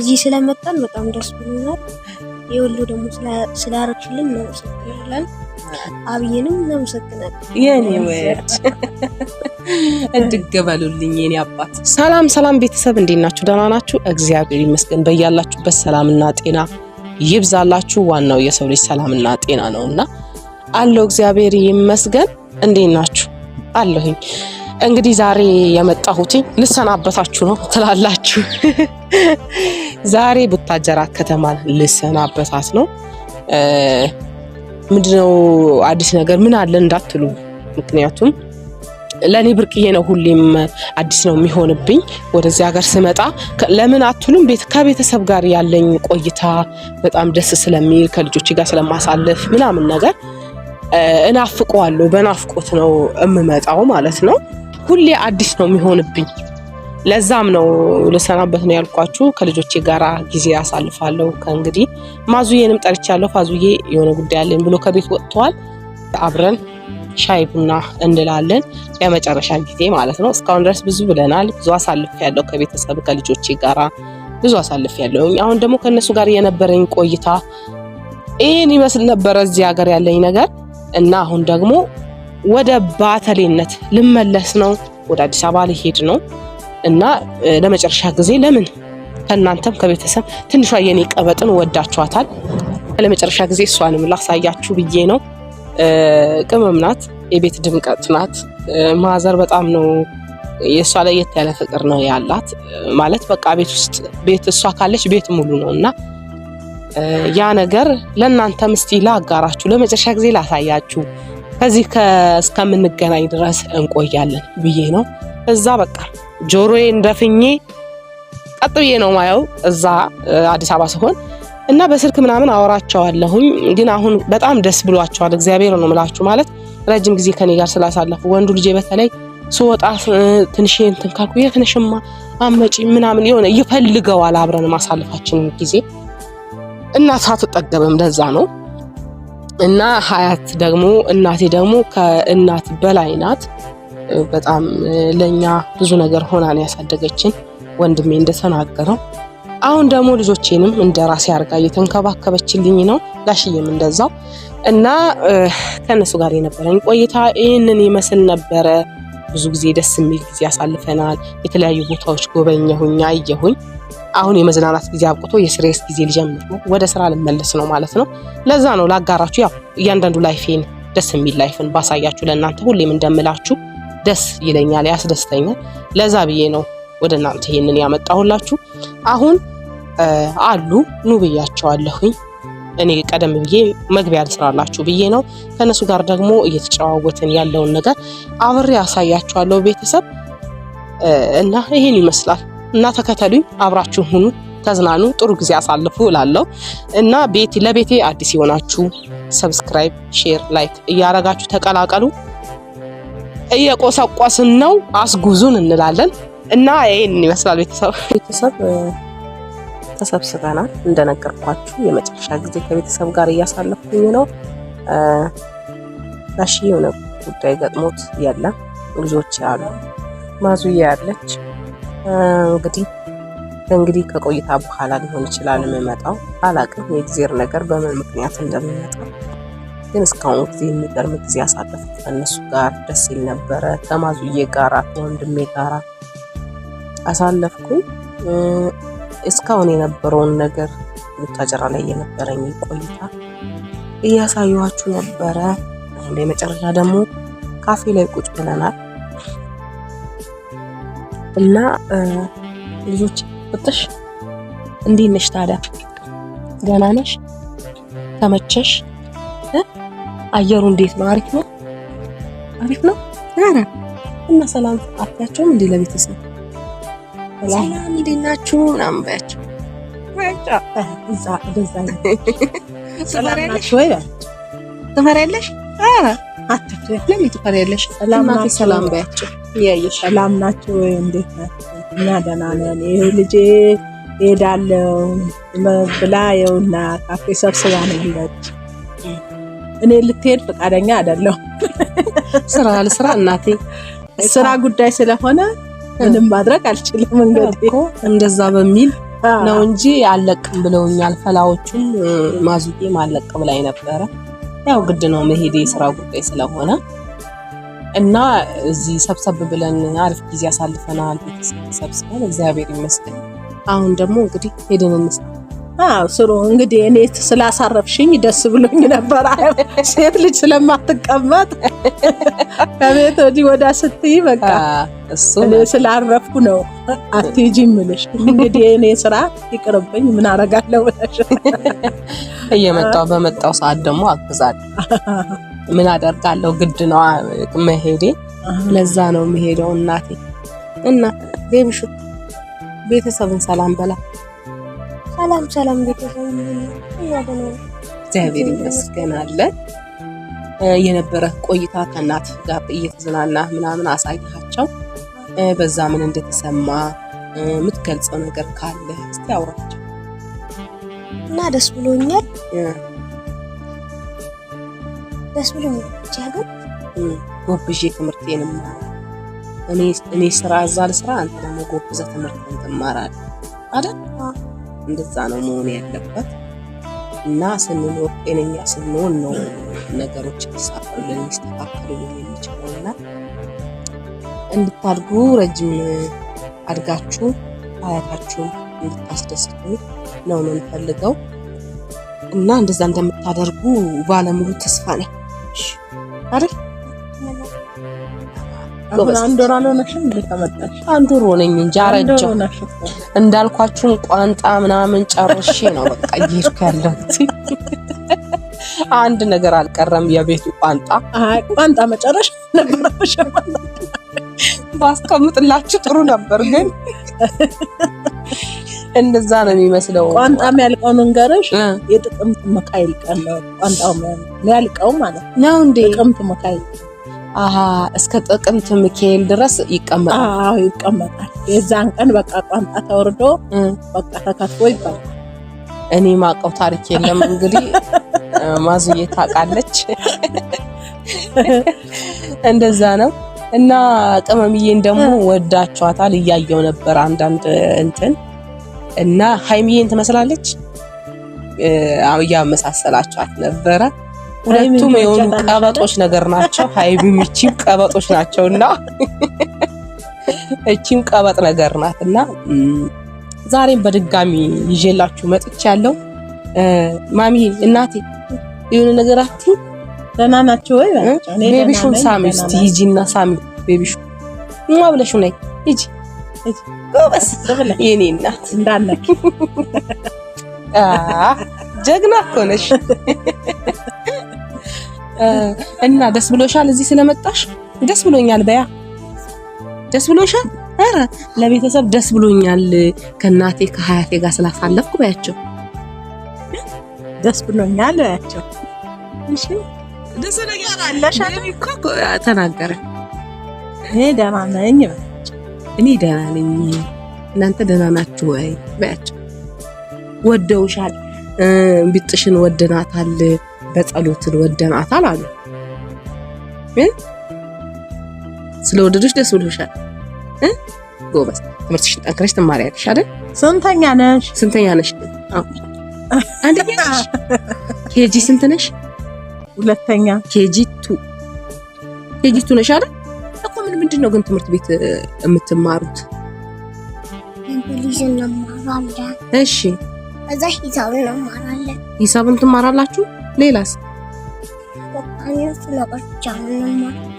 እዚህ ስለመጣን በጣም ደስ ብሎናል። የወሎ ደግሞ ስላረችልን እናመሰግናለን። አብይንም እናመሰግናለን። የኔ ወድ እንድገበሉልኝ የኔ አባት። ሰላም ሰላም ቤተሰብ እንዴት ናችሁ? ደህና ናችሁ? እግዚአብሔር ይመስገን። በያላችሁበት ሰላምና ጤና ይብዛላችሁ። ዋናው የሰው ልጅ ሰላምና ጤና ነው እና አለው እግዚአብሔር ይመስገን። እንዴት ናችሁ? አለሁኝ እንግዲህ ዛሬ የመጣሁትኝ ልሰናበታችሁ ነው ትላላችሁ ዛሬ ቡታጀራት ከተማ ልሰናበታት ነው። ምንድነው አዲስ ነገር ምን አለን እንዳትሉ፣ ምክንያቱም ለእኔ ብርቅዬ ነው፣ ሁሌም አዲስ ነው የሚሆንብኝ። ወደዚህ ሀገር ስመጣ ለምን አትሉም? ከቤተሰብ ጋር ያለኝ ቆይታ በጣም ደስ ስለሚል ከልጆች ጋር ስለማሳለፍ ምናምን ነገር እናፍቀዋለሁ። በናፍቆት ነው የምመጣው ማለት ነው። ሁሌ አዲስ ነው የሚሆንብኝ። ለዛም ነው ልሰናበት ነው ያልኳችሁ። ከልጆቼ ጋራ ጊዜ አሳልፋለሁ። ከእንግዲህ ማዙዬንም ጠርቻለሁ። ፋዙዬ የሆነ ጉዳይ አለኝ ብሎ ከቤት ወጥተዋል። አብረን ሻይ ቡና እንላለን ለመጨረሻ ጊዜ ማለት ነው። እስካሁን ድረስ ብዙ ብለናል። ብዙ አሳልፍ ያለው ከቤተሰብ ከልጆቼ ጋራ ብዙ አሳልፍ ያለው። አሁን ደግሞ ከእነሱ ጋር የነበረኝ ቆይታ ይህን ይመስል ነበረ እዚህ ሀገር ያለኝ ነገር እና አሁን ደግሞ ወደ ባተሌነት ልመለስ ነው። ወደ አዲስ አበባ ልሄድ ነው። እና ለመጨረሻ ጊዜ ለምን ከእናንተም ከቤተሰብ ትንሿ የኔ ቀበጥን ወዳችኋታል። ለመጨረሻ ጊዜ እሷንም ላሳያችሁ ብዬ ነው። ቅመም ናት፣ የቤት ድምቀት ናት። ማዘር በጣም ነው የእሷ ለየት ያለ ፍቅር ነው ያላት። ማለት በቃ ቤት ውስጥ ቤት እሷ ካለች ቤት ሙሉ ነው እና ያ ነገር ለእናንተም እስቲ ላጋራችሁ፣ ለመጨረሻ ጊዜ ላሳያችሁ። ከዚህ እስከምንገናኝ ድረስ እንቆያለን ብዬ ነው እዛ በቃ ጆሮዬን ደፍኜ ቀጥ ብዬ ነው ማየው እዛ አዲስ አበባ ሲሆን እና በስልክ ምናምን አወራቸዋለሁኝ። ግን አሁን በጣም ደስ ብሏቸዋል። እግዚአብሔር ነው ምላችሁ ማለት ረጅም ጊዜ ከኔ ጋር ስላሳለፉ ወንዱ ልጄ በተለይ ስወጣ ትንሽ እንትን ካልኩ የት ነሽማ አመጪ ምናምን የሆነ ይፈልገዋል። አብረን ማሳለፋችን ጊዜ እና ሳትጠገብም ለዛ ነው እና ሀያት ደግሞ እናቴ ደግሞ ከእናት በላይ ናት። በጣም ለእኛ ብዙ ነገር ሆናን ያሳደገችን ወንድሜ እንደተናገረው አሁን ደግሞ ልጆቼንም እንደ ራሴ አርጋ እየተንከባከበችልኝ ነው። ጋሽዬም እንደዛው እና ከእነሱ ጋር የነበረኝ ቆይታ ይህንን ይመስል ነበረ። ብዙ ጊዜ ደስ የሚል ጊዜ አሳልፈናል። የተለያዩ ቦታዎች ጎበኘሁኝ፣ አየሁኝ። አሁን የመዝናናት ጊዜ አብቅቶ የስሬስ ጊዜ ልጀምር ነው። ወደ ስራ ልመለስ ነው ማለት ነው። ለዛ ነው ላጋራችሁ። ያው እያንዳንዱ ላይፌን ደስ የሚል ላይፍን ባሳያችሁ ለእናንተ ሁሌም እንደምላችሁ ደስ ይለኛል፣ ያስደስተኛል። ለዛ ብዬ ነው ወደ እናንተ ይሄንን ያመጣሁላችሁ። አሁን አሉ ኑ ብያቸዋለሁኝ። እኔ ቀደም ብዬ መግቢያ ልስራላችሁ ብዬ ነው። ከእነሱ ጋር ደግሞ እየተጨዋወትን ያለውን ነገር አብሬ አሳያችኋለሁ ቤተሰብ እና ይሄን ይመስላል እና ተከተሉኝ፣ አብራችሁ ሁኑ፣ ተዝናኑ፣ ጥሩ ጊዜ አሳልፉ እላለሁ እና ቤት ለቤቴ አዲስ የሆናችሁ ሰብስክራይብ፣ ሼር፣ ላይክ እያረጋችሁ ተቀላቀሉ። እየቆሰቆስን ነው። አስጉዙን እንላለን እና ይህን ይመስላል ቤተሰብ ቤተሰብ ተሰብስበናል። እንደነገርኳችሁ የመጨረሻ ጊዜ ከቤተሰብ ጋር እያሳለፍኩኝ ነው። ጋሺ የሆነ ጉዳይ ገጥሞት የለም። ልጆች ያሉ ማዙያ ያለች እንግዲህ እንግዲህ ከቆይታ በኋላ ሊሆን ይችላል የምመጣው አላቅም፣ የእግዜር ነገር በምን ምክንያት እንደምመጣ ግን እስካሁን ጊዜ የሚገርም ጊዜ ያሳለፍኩ ከእነሱ ጋር ደስ ይል ነበረ። ከማዙዬ ጋራ ከወንድሜ ጋራ አሳለፍኩኝ። እስካሁን የነበረውን ነገር ቡታጀራ ላይ የነበረኝ ቆይታ እያሳየኋችሁ ነበረ። የመጨረሻ ደግሞ ካፌ ላይ ቁጭ ብለናል እና ልጆች ፍጥሽ እንዴት ነሽ ታዲያ? ገናነሽ ነሽ? ተመቸሽ? አየሩ እንዴት ነው? አሪፍ ነው፣ አሪፍ ነው። ኧረ እና ሰላም አትያቸውም እንዴ? ለቤተሰብ ሰላም እንዴት ናችሁ ምናምን በያቸው። ትፈሪያለሽ? ኧረ አትፍሪ። ለምን ትፈሪያለሽ? ሰላም ናችሁ ወይ? እንዴት ናችሁ? እና ደህና ነን። ይሄ ልጄ እሄዳለሁ ብላ ይኸውና ካፌ ሰብስባ ነው እኔ ልትሄድ ፈቃደኛ አይደለሁም። ስራ ልስራ እናቴ፣ ስራ ጉዳይ ስለሆነ ምንም ማድረግ አልችልም። እንግዲህ እንደዛ በሚል ነው እንጂ አለቅም ብለውኛል። ፈላዎቹም ማዙቄም አለቅም ላይ ነበረ። ያው ግድ ነው መሄድ የስራ ጉዳይ ስለሆነ እና እዚህ ሰብሰብ ብለን አሪፍ ጊዜ አሳልፈናል። ቤተሰብ ሰብስበን እግዚአብሔር ይመስገን። አሁን ደግሞ እንግዲህ ሄደን እንስራ ስሩ እንግዲህ እኔ ስላሳረፍሽኝ ደስ ብሎኝ ነበር። ሴት ልጅ ስለማትቀመጥ ከቤት ወዲህ ወዳ ስትይ በቃ እኔ ስላረፍኩ ነው አትሄጂም እልሽ። እንግዲህ እኔ ስራ ይቅርብኝ ምን አረጋለሁ ብለሽ በመጣው ሰዓት ደግሞ አግዛል ምን አደርጋለሁ ግድ ነው መሄዴ። ለዛ ነው የምሄደው እናቴ እና ቤብሹ ቤተሰብን ሰላም በላ ሰላም ሰላም፣ ቤተሰብ እግዚአብሔር ይመስገን አለን። የነበረ ቆይታ ከእናት ጋር እየተዝናና ምናምን አሳይታቸው በዛ ምን እንደተሰማ የምትገልጸው ነገር ካለ እስቲ አውራቸው እና ደስ ብሎኛል፣ ደስ ብሎኛል። ብቻ ግን ጎብዤ ትምህርቴን እኔ ስራ እዛ ልስራ፣ አንተ ደግሞ ጎብዘ ትምህርት ትማራለህ አይደል? እንደዛ ነው መሆን ያለበት እና ስንኖር ጤነኛ ስንሆን ነው ነገሮች ሊሳኩልን ሊስተካከሉ የሚችለው እንድታድጉ ረጅም አድጋችሁ አያታችሁን እንድታስደስቱ ነው የምንፈልገው እና እንደዛ እንደምታደርጉ ባለሙሉ ተስፋ ነኝ። አንድ ወር ሆነኝ እንጂ አረጀሁ። እንዳልኳችሁን ቋንጣ ምናምን ጨርሼ ነው በቃ እየሄድኩ ያለሁት። አንድ ነገር አልቀረም፣ የቤቱ ቋንጣ። ቋንጣ መጨረሻ ነበረ። ባስቀምጥላችሁ ጥሩ ነበር፣ ግን እንደዛ ነው የሚመስለው። ቋንጣ የሚያልቀው ንገርሽ፣ የጥቅምት መካ ቀን ቋንጣው የሚያልቀው ማለት ነው እንዴ? ጥቅምት መካ መካይል እስከ ጥቅምት ሚካኤል ድረስ ይቀመጣል። ይቀመጣል። የዛን ቀን በቃ ቋንጣ ተወርዶ በቃ ተከትቦ ይባላል። እኔ ማቀው ታሪክ የለም። እንግዲህ ማዙዬ ታውቃለች። እንደዛ ነው እና ቅመምዬን ደግሞ ወዳችኋታል። እያየው ነበር አንዳንድ እንትን እና ሀይሚዬን ትመስላለች እያመሳሰላችኋት ነበረ ሁለቱም የሆኑ ቀበጦች ነገር ናቸው። ሀይሚም ይቺም ቀበጦች ናቸው እና እቺም ቀበጥ ነገር ናት እና ዛሬም በድጋሚ ይዤላችሁ ያለው ማሚ እናቴ የሆነ ነገር አትይም። ደህና ናቸው ወይ? ቤቢሹን ሳሚ እስቲ እና ሳሚ ቤቢሹ ማ ብለሽ ነይ ሂጂ ጎበስ የኔ እናት እንዳነክ ጀግና እኮ ነሽ። እና ደስ ብሎሻል እዚህ ስለመጣሽ? ደስ ብሎኛል በያ ደስ ብሎሻል? አረ ለቤተሰብ ደስ ብሎኛል ከእናቴ ከሀያቴ ጋር ስላሳለፍኩ በያቸው ደስ ብሎኛል በያቸው። እሺ ደስ ነገር አለሽ እኮ ተናገረ። እኔ ደህና ነኝ በያቸው። እኔ ደህና ነኝ እናንተ ደህና ናችሁ ወይ በያቸው። ወደውሻል፣ ቢጥሽን ወደናታል በጸሎት ወደናታል አሉ። ስለ ወደዶች ደስ ብሎሻል ጎበዝ። ትምህርትሽን ጠንክረሽ ትማሪያለሽ አይደል? ስንተኛ ነሽ? ስንተኛ ነሽ? አንደኛ ነሽ? ኬጂ ስንት ነሽ? ሁለተኛ ኬጂ ቱ ኬጂ ቱ ነሽ አይደል? እኮ ምን ምንድን ነው ግን ትምህርት ቤት የምትማሩት? እንግሊዝ እንማራለን። እሺ፣ እዛ ሂሳብ እንማራለን። ሂሳብን ትማራላችሁ? ሌላስ?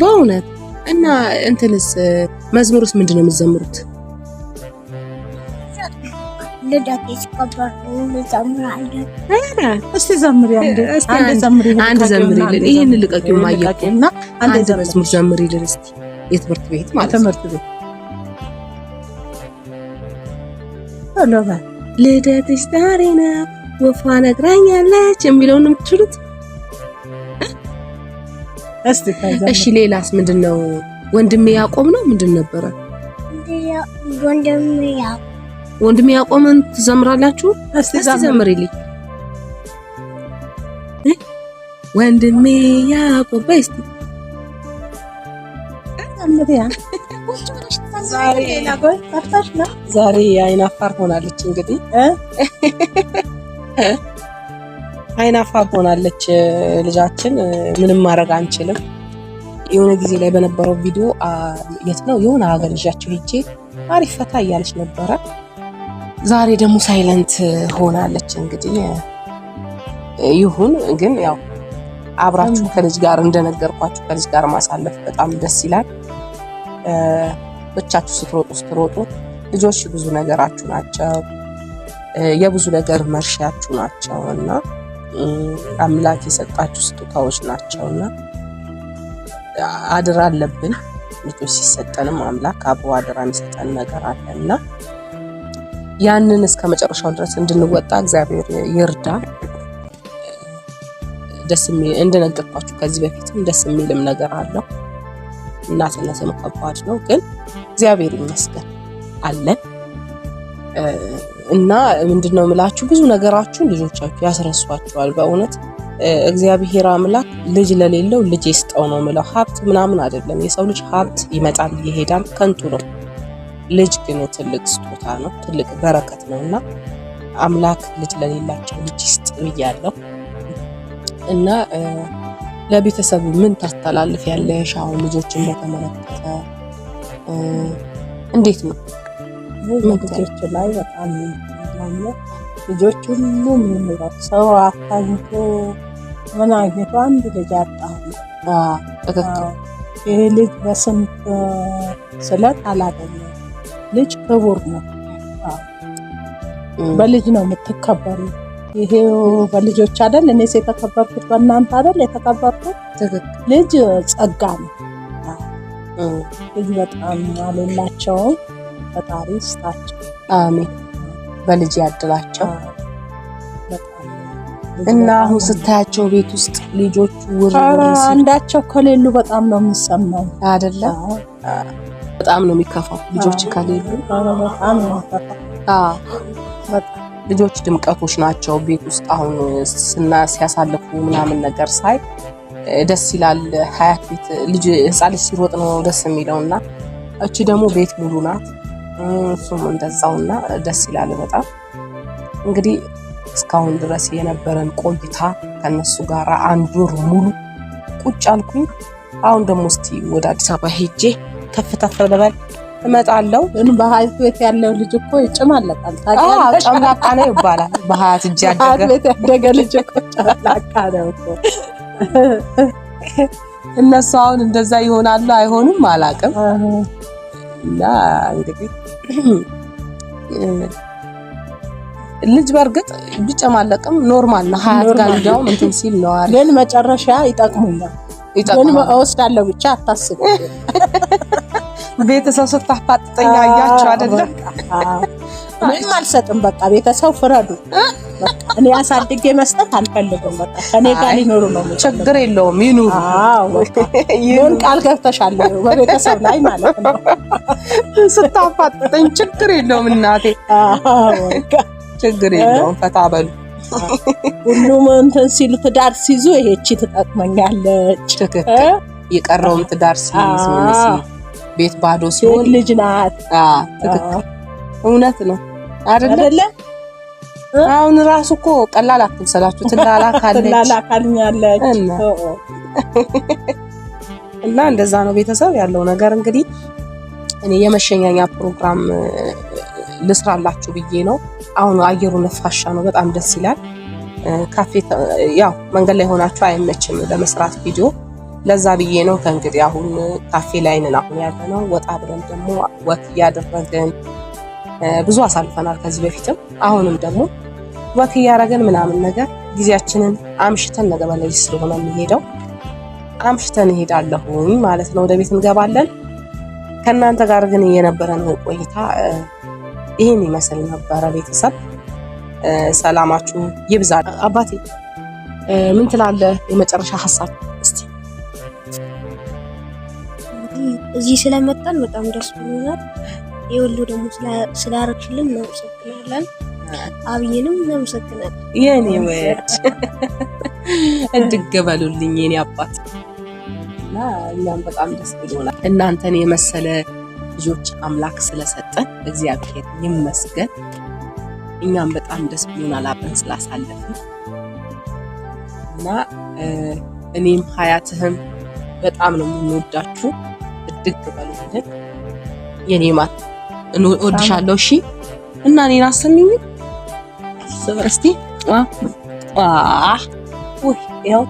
በእውነት እና እንትንስ መዝሙርስ ምንድን ነው የምትዘምሩት? ልደት እስቲ ዘምሪ፣ አንድ ዘምሪልን። ይህን ልቀቂው ማየት እና አንድ መዝሙር ዘምሪልን እስቲ። የትምህርት ቤት ማለት ትምህርት ቤት ልደትሽ ዛሬ ነው ወፏ ነግራኛለች የሚለውን ነው የምትችሉት። እሺ ሌላስ ምንድን ነው? ወንድሜ ያቆም ነው ምንድን ነበረ? ወንድሜ ያቆምን ትዘምራላችሁ? እስቲ ዘምሪልኝ። ወንድሜ ያቆም በይ እስቲ ዛሬ አይናፋር ሆናለች እንግዲህ አይናፋር ሆናለች ልጃችን። ምንም ማድረግ አንችልም። የሆነ ጊዜ ላይ በነበረው ቪዲዮ የት ነው የሆነ ሀገር ልጃቸው ሄጄ አሪፍ ፈታ እያለች ነበረ። ዛሬ ደግሞ ሳይለንት ሆናለች። እንግዲህ ይሁን ግን ያው አብራችሁ ከልጅ ጋር እንደነገርኳችሁ ከልጅ ጋር ማሳለፍ በጣም ደስ ይላል። ብቻችሁ ስትሮጡ ስትሮጡ ልጆች ብዙ ነገራችሁ ናቸው። የብዙ ነገር መርሻችሁ ናቸው እና አምላክ የሰጣችሁ ስጦታዎች ናቸው እና አደራ አለብን። ልጆች ሲሰጠንም አምላክ አብሮ አደራ የሚሰጠን ነገር አለ እና ያንን እስከ መጨረሻው ድረስ እንድንወጣ እግዚአብሔር ይርዳ። ደስ የሚል እንደነገርኳችሁ ከዚህ በፊትም ደስ የሚልም ነገር አለው። እናትነትም ከባድ ነው፣ ግን እግዚአብሔር ይመስገን አለን። እና ምንድን ነው የምላችሁ ብዙ ነገራችሁን ልጆቻችሁ ያስረሷችኋል። በእውነት እግዚአብሔር አምላክ ልጅ ለሌለው ልጅ ይስጠው ነው የምለው። ሀብት ምናምን አይደለም። የሰው ልጅ ሀብት ይመጣል ይሄዳል፣ ከንቱ ነው። ልጅ ግን ትልቅ ስጦታ ነው፣ ትልቅ በረከት ነው እና አምላክ ልጅ ለሌላቸው ልጅ ይስጥ ብያለሁ እና ለቤተሰብ ምን ታስተላልፍ ያለሽ አሁን ልጆችን በተመለከተ እንዴት ነው? ልጆች ላይ በጣም ማለ ልጆች ሁሉ ምንለው ሰው አታኝቶ ምን አግኝቶ አንድ ልጅ አጣሁ። ይሄ ልጅ በስንት ስለት አላገኘ። ልጅ ክቡር ነው። በልጅ ነው የምትከበሩ። ይሄ በልጆች አደል እኔስ የተከበርኩት በእናንተ አደል የተከበርኩት? ልጅ ጸጋ ነው። ልጅ በጣም አሌላቸውም ፈጣሪ ስታቸው አሜን። በልጅ ያድላቸው። እና አሁን ስታያቸው ቤት ውስጥ ልጆቹ ውር አንዳቸው ከሌሉ በጣም ነው የሚሰማው፣ አይደለ? በጣም ነው የሚከፋው ልጆች ከሌሉ። ልጆች ድምቀቶች ናቸው። ቤት ውስጥ አሁን ስና ሲያሳልፉ ምናምን ነገር ሳይ ደስ ይላል። ሀያት ቤት ልጅ ህፃን ልጅ ሲሮጥ ነው ደስ የሚለው እና እቺ ደግሞ ቤት ሙሉ ናት። እሱም እና ደስ ይላል በጣም እንግዲህ እስካሁን ድረስ የነበረን ቆይታ ከነሱ ጋር አንድ ወር ሙሉ ቁጭ አልኩኝ። አሁን ደግሞ እስቲ ወደ አዲስ አበባ ሄጄ ከፍታ ተለበል እመጣለሁ። በሀያት ቤት ያለው ልጅ እኮ ጭም አለቃል ጨምላቃ ነው ይባላል። በሀያት እጅ ቤት ያደገ ልጅ እኮ ጨምላቃ ነው እኮ። እነሱ አሁን እንደዛ ይሆናሉ አይሆኑም አላውቅም። እና እንግዲህ ልጅ በእርግጥ ቢጨማለቅም ኖርማል ነው። ሀያት ጋር እንዲያውም እንትን ሲል ነው አሪፍ። ግን መጨረሻ ይጠቅሙኛል ይጠቅሙኛል እወስዳለሁ ብቻ አታስብ። ቤተሰብ ስታፋጥጠኛ እያቸው አይደለም ምንም አልሰጥም። በቃ ቤተሰብ ፍረዱ። እኔ አሳድጌ መስጠት አልፈልግም። በቃ ከኔ ጋር ሊኖሩ ነው። ችግር የለውም ይኑሩ። ይሁን ቃል ገብተሻል በቤተሰብ ላይ ማለት ነው። ስታፋጥጠኝ ችግር የለውም እናቴ፣ ችግር የለውም ፈታ በሉ። ሁሉም እንትን ሲሉ ትዳር ሲይዙ ይሄቺ ትጠቅመኛለች። የቀረውም ትዳር ሲይዝ ቤት ባዶ ሲሆን ልጅ ናት። ትክክል፣ እውነት ነው አይደለ? አሁን ራሱ እኮ ቀላል አትምሰላችሁ። ትላላካለች እና እንደዛ ነው ቤተሰብ ያለው ነገር። እንግዲህ እኔ የመሸኛኛ ፕሮግራም ልስራላችሁ ብዬ ነው። አሁን አየሩ ነፋሻ ነው፣ በጣም ደስ ይላል። ካፌ ያው መንገድ ላይ ሆናችሁ አይመችም ለመስራት ቪዲዮ። ለዛ ብዬ ነው ከእንግዲህ አሁን ካፌ ላይ ነን አሁን ያለ ነው። ወጣ ብለን ደግሞ ወክ እያደረግን ብዙ አሳልፈናል ከዚህ በፊትም አሁንም ደግሞ ወክ እያደረገን ምናምን ነገር ጊዜያችንን አምሽተን ነገ በለይ ስለሆነ የሚሄደው አምሽተን እሄዳለሁኝ ማለት ነው። ወደ ቤት እንገባለን። ከእናንተ ጋር ግን የነበረን ቆይታ ይህን ይመስል ነበረ። ቤተሰብ ሰላማችሁ ይብዛል። አባቴ ምን ትላለህ? የመጨረሻ ሀሳብ እስቲ። እዚህ ስለመጣን በጣም ደስ ብሎናል። የወሎ ደግሞ ስላረግሽልን እናመሰግናለን። አብይንም እናመሰግናለን። የኔ ወድ እንድገበሉልኝ የኔ አባት እና እኛም በጣም ደስ ብሎናል እናንተን የመሰለ ልጆች አምላክ ስለሰጠን እግዚአብሔር ይመስገን። እኛም በጣም ደስ ብሎናል አብረን ስላሳለፍን እና እኔም ሀያትህም በጣም ነው የምንወዳችሁ። እድግ በሉልን የኔ ማት እወድሻለሁ። እሺ እና እኔን አሰሚኝ እስቲ አ ያው